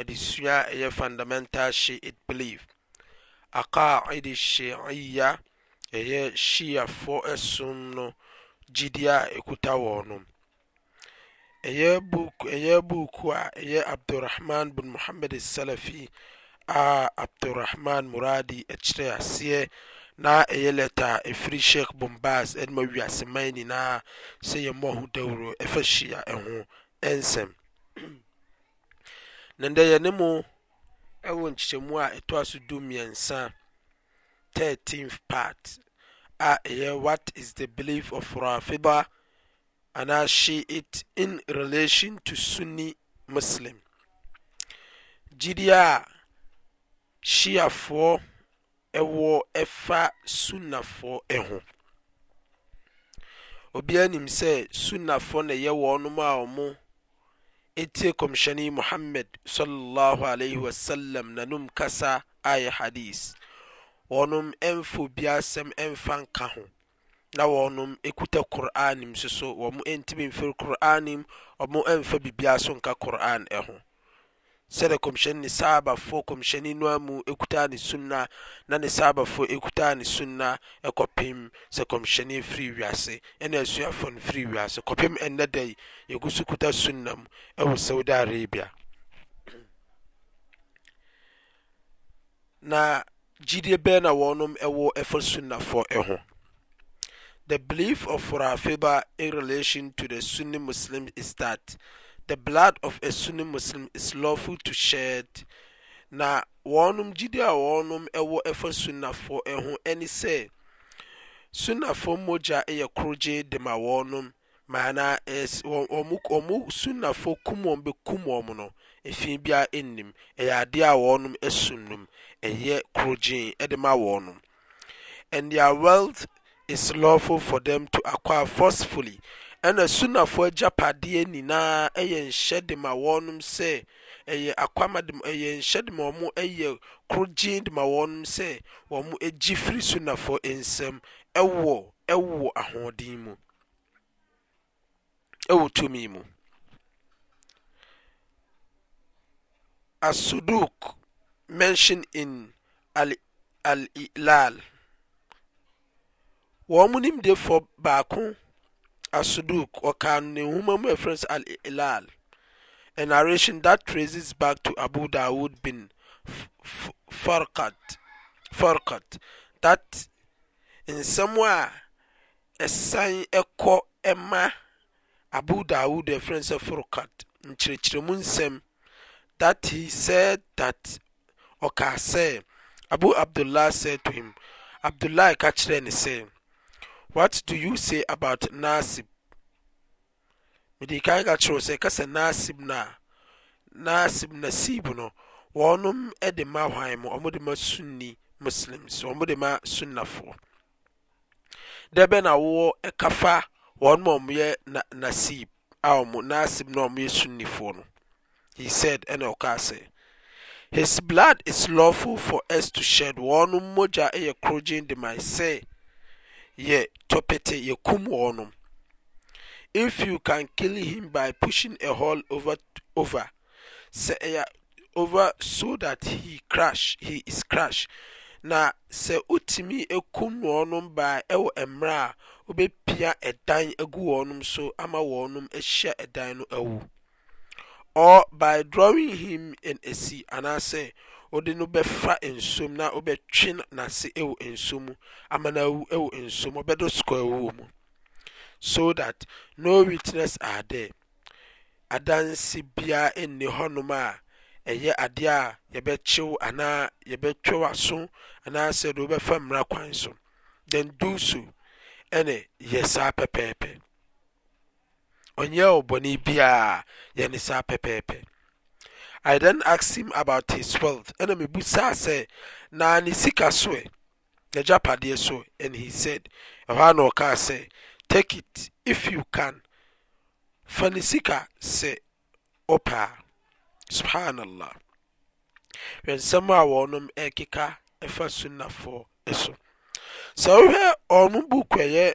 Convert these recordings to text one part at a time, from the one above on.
adesua a ɛyɛ fundamental shi it blieve aqaida syiiya ɛyɛ hyiyafɔ asom no gyidie a ɛkuta wɔ no ɛyɛ burku a ɛyɛ abdrahman bin mohamed salafi a abdrahman moradi akyerɛ aseɛ na ɛyɛ letaa ɛfiri sheh bombas nima wiasɛman nyinaa sɛ yɛmmoa ho dawuro ɛfa hyia ɛho ɛnsɛm na ndɛ yɛne mu ɛwɔ nkyekyɛmu a ɛtoa so du mmiɛnsa 13 part a ɛyɛ what is the belief of rafida she it in relation to sunni muslim gyidi a shiafoɔ ɛwɔ ɛfa sunnafoɔ ɛho obiara nim sɛ sunnafoɔ na ɛyɛ wɔnom a wɔn ɛtie kɔmhyɛne muhammed swsm nanom kasa ayɛ hadis wɔnom mfe biasɛm mfa nka ho na wɔnom ɛkuta qur'annim so so wɔ mo ntimi mfiri qur'annim ɔmo mfa birbia so nka qur'an ɛho sɛdɛ kɔmhyɛni ne saabafoɔ kɔmhyɛni no mu ekuta ne sunna na ne saabafoɔ ekuta ne sunna ɛkɔpem sɛ kɔmhyɛni firi wiase ɛna asuafoɔ no firi wiase kɔpem ɛnna da yi yɛgu so kuta sunna mu ɛwɔ saudi arabia na gyidie bɛɛ na wɔnom ɛwɔ ɛfa sunnafoɔ ɛho the belief of rafiba in relation to the sunni muslim is that the blood of asuni muslim is lwful to sherd na wɔnom gyidi a wɔnom ɛwɔ fa sunnafɔ ho ne sɛ sunnafoɔ mogya yɛ krogyee de ma wɔnom maanaa ɔmu sunnaf kum wɔm bɛkumwɔm no afi biaa nnim ɛyɛ adeɛ a wɔnom sumnum ɛyɛ krogee de ma wɔ nom and thei woalth is lwful for tem to acquire forcefully ɛna sunafoɔ agyapadeɛ nyinaa ɛyɛ nhyɛ de ma wɔnom sɛ ɛyɛ akwama de ɛyɛ nhyɛ de ma wɔn ɛyɛ korogyen de ma wɔnom sɛ wɔn agyi firi sunafoɔ nsam ɛwɔ ɛwɔ ahoɔden mu ɛwɔ tumi mu asuduk mentioned in al-ilal wɔn nimdefoɔ baako assuduk ɔkaa ne nhoma mu afrɛs al i'lal a narration that rases back to abu daod bin forkat that nsɛm a ɛsane ɛkɔ ɛma abu daod ɛfrɛn sɛ forkat nkyerɛkyerɛmu nsɛm that he sɛd that ɔkaa sɛ abo abdullah sa to him abdullah ɛka kyerɛ ne sɛ what do you sa about nasib medi kan ka kyerɛ sɛ kasa nasib nonasib nasib no wɔnom dema ha muɔmdemasunni muslimsdma sunnafoɔ dɛbɛna woɔ ɛka fa ɔnmmyɛnasbnasb nɔmy sunnifoɔ no sidnɔsɛ his blood is lawful for s to shɛd wɔnom mogya yɛ korogen dema sɛ yɛ tɔpite yɛkum wɔɔ nom if you can kill him by pushing a hall over sɛ ɛyɛ over so that hcahe is crash na sɛ wotumi kum noɔɔnom baa ɛwɔ mmerɛ a wobɛpia ɛdan agu wɔɔnom so ama wɔ nom ahyia ɛdan no awu ɔr by drawing him n asi anaasɛ wode no bɛfa nsom na wobɛtwe nase wɔ nsom mu amano wu wɔ nsom ɔbɛdo soko awo mu so that no witness a dɛ adanse biaa nni hɔnom a ɛyɛ adeɛ a yɛbɛkyew anaa yɛbɛtwɛw aso anaasɛde wobɛfa mmra kwan so then du so ne yɛ saa pɛpɛɛpɛ ɔyɛ bɔne bia yne saa pɛpɛp I then asked him about his wealth. Enemy mebusaa said, na ne sika so ɛ so and he said "Rano ka na take it if you can opa, ne When sɛ ɔpɛ a subhanallah nsɛm a wɔnom ɛkeka ɛfa so sɛ wohwɛ ɔmo book ɛyɛ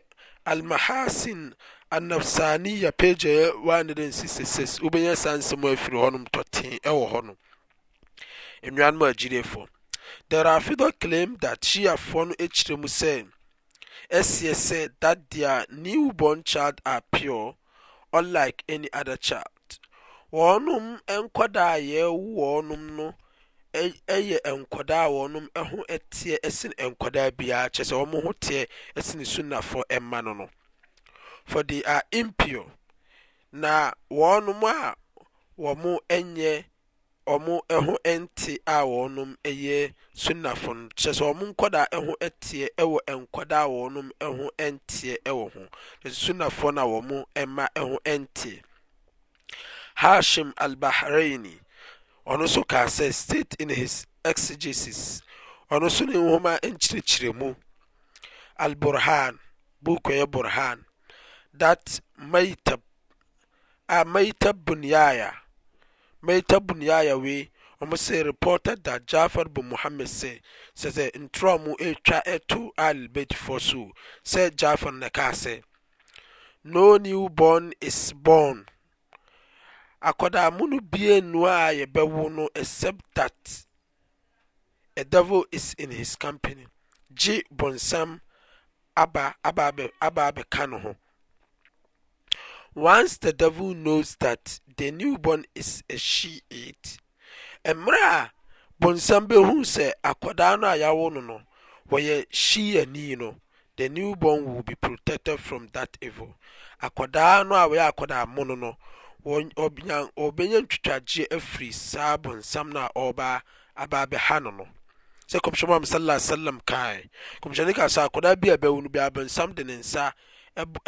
anafsaaniya page ɛyɛ 166 wobɛnya saa nsɛm afiri hɔnom tɔtee ɛwɔ hɔnom nnuanom agyirefoɔ the rafido claim that shiafoɔ no kyerɛ mu sɛ ɛseɛ sɛ that their newborn child are pure unlike any other child wɔnom nkɔdaa a yɛwo wɔnom no ɛyɛ e, e nkɔdaa a wɔnom ho e teɛ ɛsen nkɔdaa biara kyerɛ sɛ wɔn ho teɛ ɛsen sunnafoɔ ɛma no no for they are impure na wɔnom a wɔn nyɛ wɔn ho nte a wɔnom yɛ sunnafo no kyerɛ sɛ wɔn ho teɛ wɔ a ho nteɛ wɔ ho sunnafoɔ no a wɔn mma ho nteɛ hashim al ɔno nso kaa in his exegesis ɔno nso ne nwoma nkyerɛkyerɛ mu buku yɛ burhan that maitab a maitab bin yaya maitab bin yaya we wɔn sɛ reported that jafar bin muhammad sɛ sɛ sɛ ntura mu atwa e ɛto e albert fo so sɛ jafar na kaa sɛ no newborn is born akwadaa mu no bie nnua a yɛbɛwo no except that a devil is in his company gye bɔnsam aba aba abɛka ne ho once the devil knows that the newborn is a she it mmerɛ a bonsam bɛhu sɛ akwadaa no a yawo no no wɔyɛ shiani no the newborn will be protected from that evil akwadaa no a wɔyɛ akwadaa mo no no ɔbɛnya ntwitwagyeɛ afiri saa bonsam no a ɔreba aba abɛha no no sɛ kɔmhyɛmmɔ am sallallahu alaihi wasallam kae kɔmhyɛne ka sɛ akwadaa bi a bɛwo no bi abonsam de ne nsa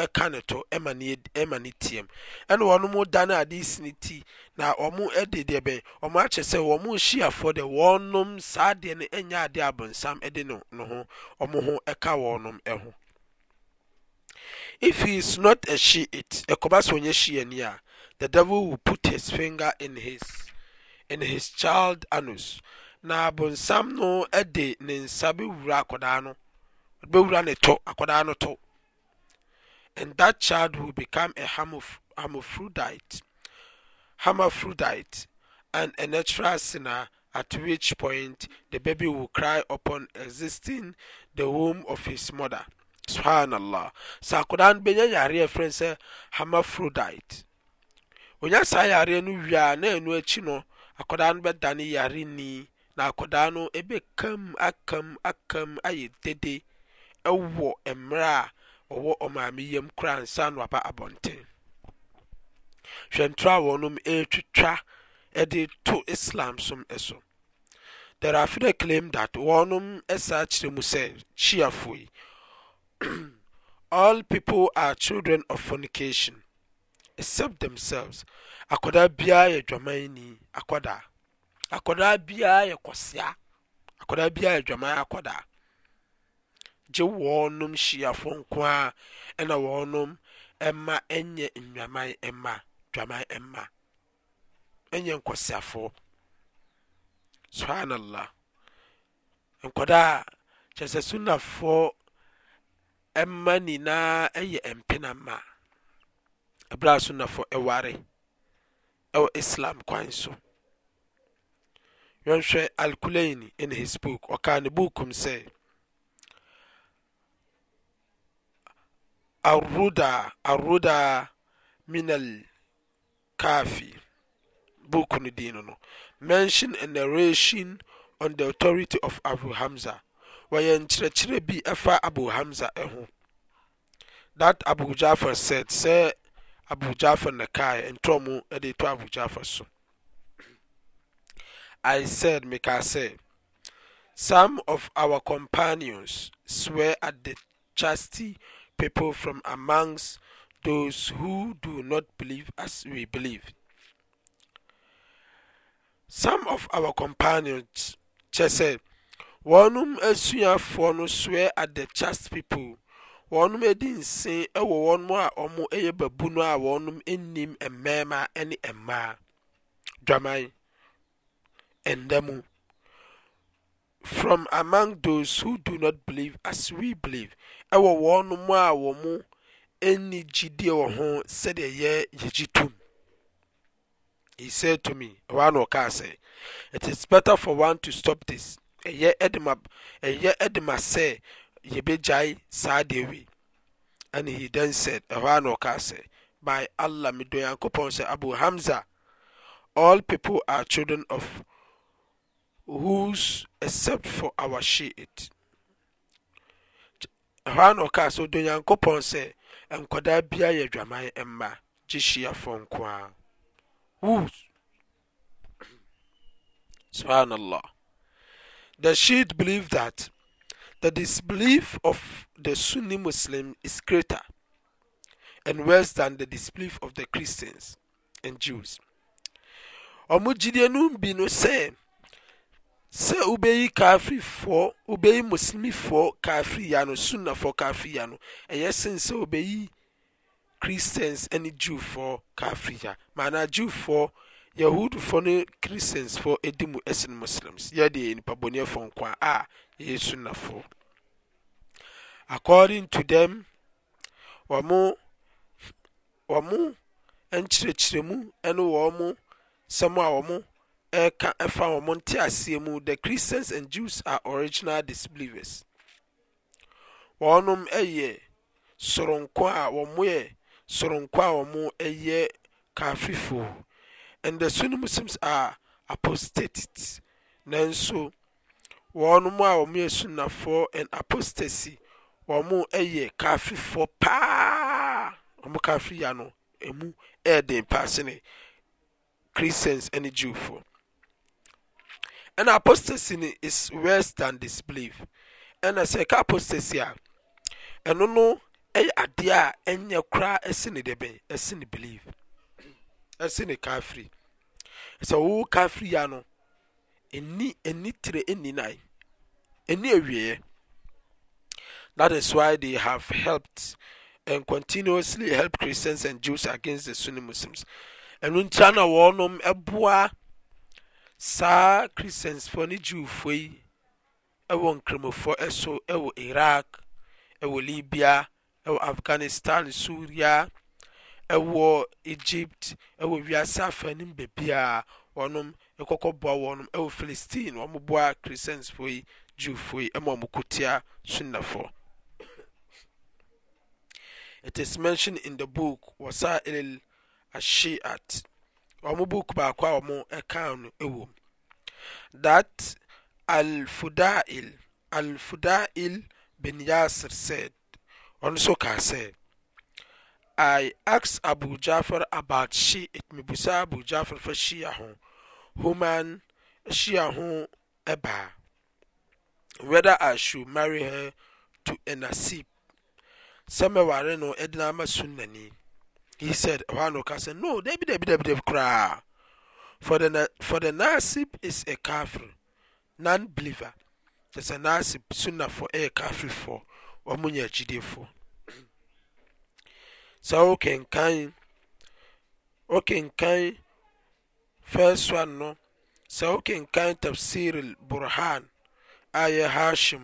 ɛka no to ma ne tiam ɛn ɔnodane ade sine ti na ɔmo dedeɛ b ɔmo akye sɛ ɔmo hyiafoɔ de wɔnom saa deɛ n nyaade abɔnsam de n ho ɔmo ho ɛka wɔnom ho if esnot ahyi it kɔbasɛɔnyɛhyi ani a the devil wo put his finger in his child anos na abɔnsam no de ne nsa ɛuraa and that child will become a hermaphrodite, hermaphrodite and a natural sinner, at which point the baby will cry upon existing the womb of his mother. Subhanallah. Sa akodan benya yare a friend sɛ hermaphrodite. Onya saa yare no wie a na ɛno akyi no akwadaa no bɛdane yare ni na akwadaa no ebɛkam akam akam ayɛ dede ɛwɔ mmerɛ a ɔwɔ ɔmaame yam kora nsa no aba abɔnten hwɛ ntoro a ɛretwitwa ɛde to islam som ɛso there are few that claim that wɔnom ɛsa akyerɛ mu sɛ shiafoɔ yi all people are children of fornication except themselves akwadaa biara yɛ dwamanni akwadaa akwadaa biara yɛ kɔsia akwadaa biara yɛ dwaman akwadaa gye wɔɔ nom hyiafoɔ nko a ɛnawɔɔnom ma yɛ nwama mdwamama yɛ nkɔsiafo suhanllah nkda kyɛsɛ sunafɔ ma nyinaa ɛyɛ mpena ma berɛasu nafo ɛware ɛwɔ islam kwan so wɛhwɛ alculane ine his book ka ne buukum sɛ aaruda minal kafi buuku no dii no no mention a narration on the authority of abu hamsa wɔyɛ nkyerɛkyerɛ bi ɛfa abol hamsa ho that abo jafar sɛid sɛ abu jafar nakaɛ ntrɔ mu de tɔ abu jafar so i said meka sɛ some of our companions sweare a the chasty people from amongst those who do not believe as we believe. Some of our companions kyɛ sɛ wɔnom asuafoɔ no swear at the chaste people wɔnom adi nse wɔ wɔn a wɔn yɛ babu no a wɔnom nnim mmarima ne mmaa dwaman ɛnda from among those who do not believe as we believe ɛwɔ wɔnom a wɔn ani gyidie wɔ ho sɛdeɛ yɛ yɛgye tum. he said to me ɛhɔ ano ɔkaa sɛ it is better for one to stop this ɛyɛ ɛdema ɛyɛ ɛdema sɛ yɛbɛgyae saa deɛ wei and he then said ɛhɔ ano ɔkaa sɛ by allah medɔ yankopɔn sɛ abu hamza all people are children of whose except for our shi'it ɛhɔ na ɔkaa sɛ ɔdɔ nyankopɔn sɛ nkwadaa biara yɛ adwaman mma gye hyiafoɔ nko ara woos subhanallah the shiit believe that the disbelief of the sunni muslim is greater and worse than the disbelief of the christians and jews ɔmo gyidie no bi no sɛ sɛ wobɛyi kafrifoɔ wobɛyi muslimifoɔ kafriya no sunnafoɔ kafriya no ɛyɛ sen sɛ wobɛyi christians ne jewfoɔ kafriya maana jewfoɔ yahudfoɔ ne christiansfoɔ di mu sen muslims yɛde nipa bɔneɛfoɔ a yɛyɛ sunnafoɔ according to them wɔn nkyerɛkyerɛmu ne wɔn sɛm a wɔn kaɛfa wɔmo nti aseɛ mu the christians and jews are original disbelivers wɔnom yɛ soronk a ɔmoyɛ soronkɔ a wɔmo yɛ karfifo an the sunemuslims ar apostatets nanso wɔ nom a wɔmoyɛ sunafoɔ an apostasy wɔ mo ɛyɛ kar fifoɔ paa mo kaf yianomu yɛden pasno christians ne jewfo ɛna apostasy is worse than disbelief ɛna sɛ ɛka apostasy a ɛno no ɛyɛ adeɛ a ɛnyɛ koraa ɛsi ne dɛbɛn ɛsi ne belief ɛsi ne kafiri sɛ wɔwɔ kafiri ya no ɛni ɛni tire ɛni nan ɛni awieɛ that is why they have helped and continuously help christians and jews against the sunni muslims ɛnu nkyɛn na wɔnom ɛboa saa christiansfoɔ ne jewfoɔ yi ɛwɔ nkramofoɔ so ɛwɔ iraq ɛwɔ libya ɛwɔ afghanistan syria ɛwɔ egypt ɛwɔ wiase afanim beebiaa wɔnom ɛkɔkɔboa wɔnom ɛwɔ philistine wɔn boa christiansfoɔ yi jewfoɔ yi ɛma wɔn kutia sunnafoɔ it is mentioned in the book wasail al at wɔn book baako a wɔn ɛka no ɛwɔ mu that alfudail alfudail bin yasir said ɔno nso kaa sɛ I asked Abu Jafar about she it mibusa Abu Jafar fa shia ho human shia ho ɛbaa whether I should marry her to a nasib sɛ mɛware no ɛde na ama sunnani isd hkasɛ no dabidraa for the nasib is akafer nan blever asanasib sunafo ɛkaferi f omuya jidef sɛakka fisanɔ sɛ wokeka tabsiri burhan ayɛ hashim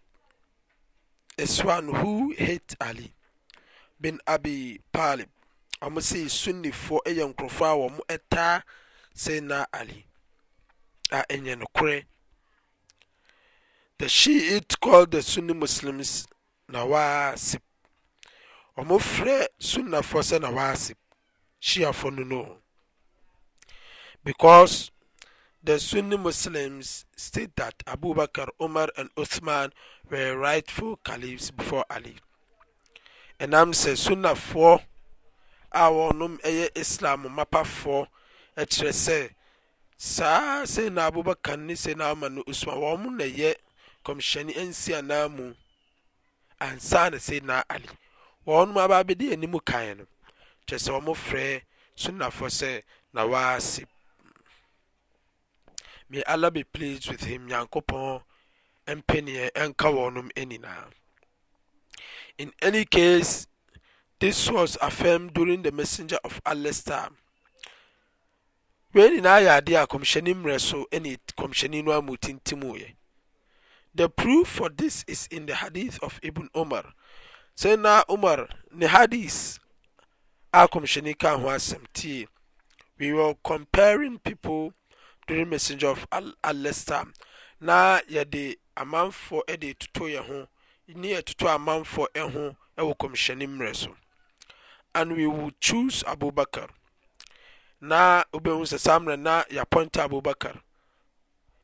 Is one who hate Ali bin Abi Talib. Wɔn sɛ sunnifoɔ yɛ nkurɔfoɔ a say na Ali a ɛnyɛ nokorɛ. The Shiite called the Sunni Muslims Nawasib. Wɔfrɛ sunnafoɔ sɛ Nawasib. She a no. Because the suni muslims state that abobakar mar and othman wererightful califs before ali ɛnam sɛ sunnafoɔ a wɔnom ɛyɛ islam mapafoɔ kyerɛ sɛ saasɛ na abobakar ne snamans wɔm nyɛ komsyɛne nsianamu ansana sadnaa ali wɔnom ababɛde animu ka no kyerɛ sɛ ɔmofrɛ sunnafoɔ sɛ nawasip ma alah beplease with him nyankopɔn mpɛni nka wɔnom anyinaa in any case this was affirmed during the messenger of alecste wei nyinaa yɛadeɛ akɔmhyɛne mmerɛ so ane kɔmhyɛni no amutintimiɛ the proof for this is in the hadith of ibn omar sana omar ne hadis a kɔmhyɛne ka ho asɛmti we wer comparing people messenger of alestam na yɛde amanfo de totoy hone yɛtoto amanf ho ɛwɔ kɔmsyɛne mmerɛ so and wewl choose abobakar na ob ssamr na ypɔnt abobakar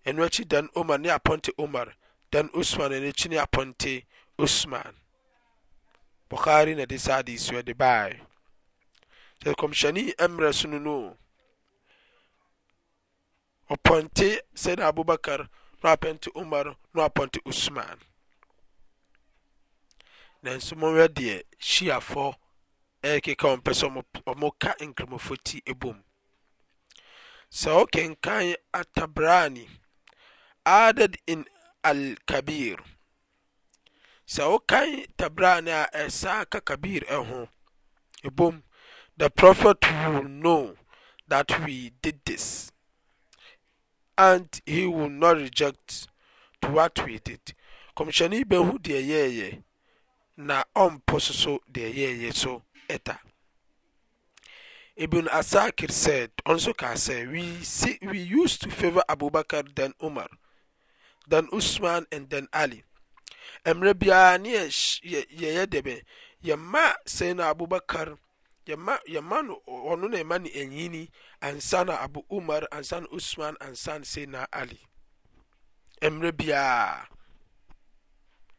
nakyi tan omarneapɔt omar tan osman nkyne apɔt osman boari nde sadesdebynem ɔpɔnte said abobakar no apɛt omar na apɔnte usman nansomowɛ deɛ syiafɔ ɛkeka wɔpɛ sɛ ɔmoka nkrimɔfoti ɛbom sɛ wokenkan atabrani aded in alkabir sɛ wokan tabrani a ɛsaa ka kabir ho ɛbom the prophet woll know that we did this and he woll no reject to what we did kɔmhyɛne yi bɛhu deɛ yɛyɛ na ɔmpɔ soso deɛ yɛyɛ so ɛda ibn asakir said ɔnso ka sɛ we used to favor abobakar en omar ten usman and den ali merɛ biara ne yɛyɛ dɛ bɛ yɛma sɛ no abobakar yɛma yɛma no ɔno na yɛma no abu umar ansa usman Ansan na sena ali mmerɛ biara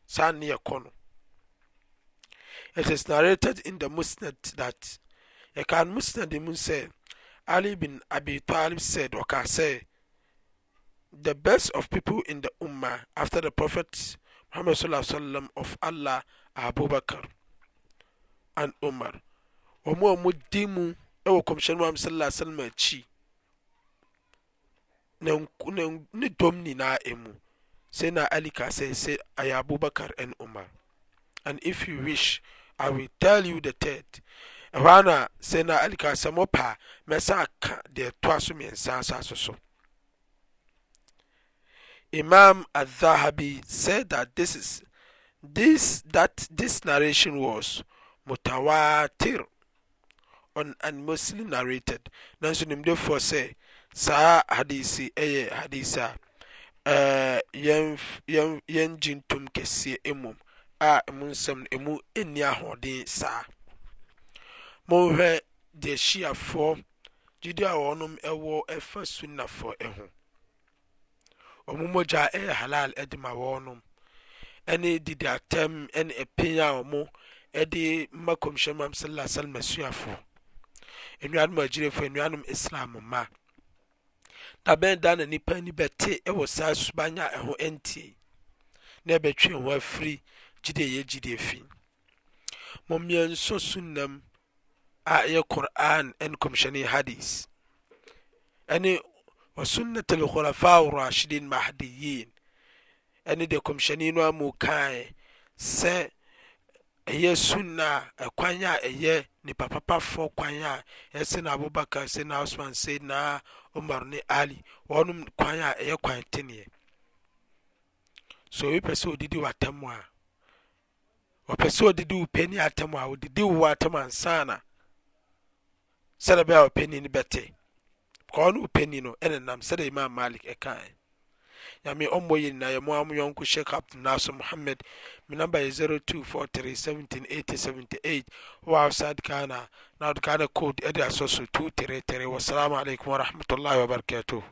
saa ne yɛkɔ no it is narrated in the musnad that yɛkan musnad mu sɛ ali bin abi talib said ɔka sɛ the best of people in the ummah after the prophet muhammad sallallahu alaihi wasallam of allah abubakar and umar wɔn a di mu e wɔ kɔmhyɛn wa sallallahu alaihi wasallam akyi na na ne dɔm nyinaa mu sai na ali ka sɛ sɛ ayɛ abubakar ɛn umar and if you wish i will tell you the third ɛhɔ ana sai na ali ka sɛ mo paa mɛsa aka deɛ ɛtoa so mmiɛnsa asa so so imam azahabi said that this is this that this narration was mutawatir nmslynaratdnasonnimdefoɔ sɛ saa hades yɛ hadis a yɛ gye tom kɛseɛ mum a m smn mu ni ahdesaa mohɛ deɛhyiafoɔ gyidi a wɔnom ɛwɔ ɛfa sunafoɔ ho ɔmomɔgya ɛyɛ halal di ma wɔ nom ɛne didi atɛm ne pɛa ɔm de ma kɔmhyɛma saa salmsuafo nuanmgirefnuanom islam ma nabɛn da nanipa ni bɛte ɛwɔ saa su baanya ɛho anti na bɛtwa hɔ afri gyide yɛ gidie fi momiɛnso sunnam a yɛ qur'an n kɔmhyɛneyi hadise ɛne wasunnat alhulafa orashidin mahdiyin ɛne de kɔmhyɛne yi no amu kae sɛ ɛyɛ sunno kwan a ɛyɛ nipa papafoɔ kwan a ɛse no abobakar se na osman se na omar ne ali ɔno kwan a ɛyɛ kwan teneɛ soipɛ sɛ odidi watama ɔpɛ sɛ odidi wopni atam a odidiwo atam ansana sɛde bɛa wpɛnino bɛte ɔne pni no nenam sɛde immalc ka nyame ɔmmɔ yɛ nyinaa yɛmo amo yɔnko hyɛ captain naso mohammed me number yɛ 0243 178078 wɔ outside ghana na ghana code ɛde asɔ so 233 wassalamu alaikum warahmatullahi wabarakatuh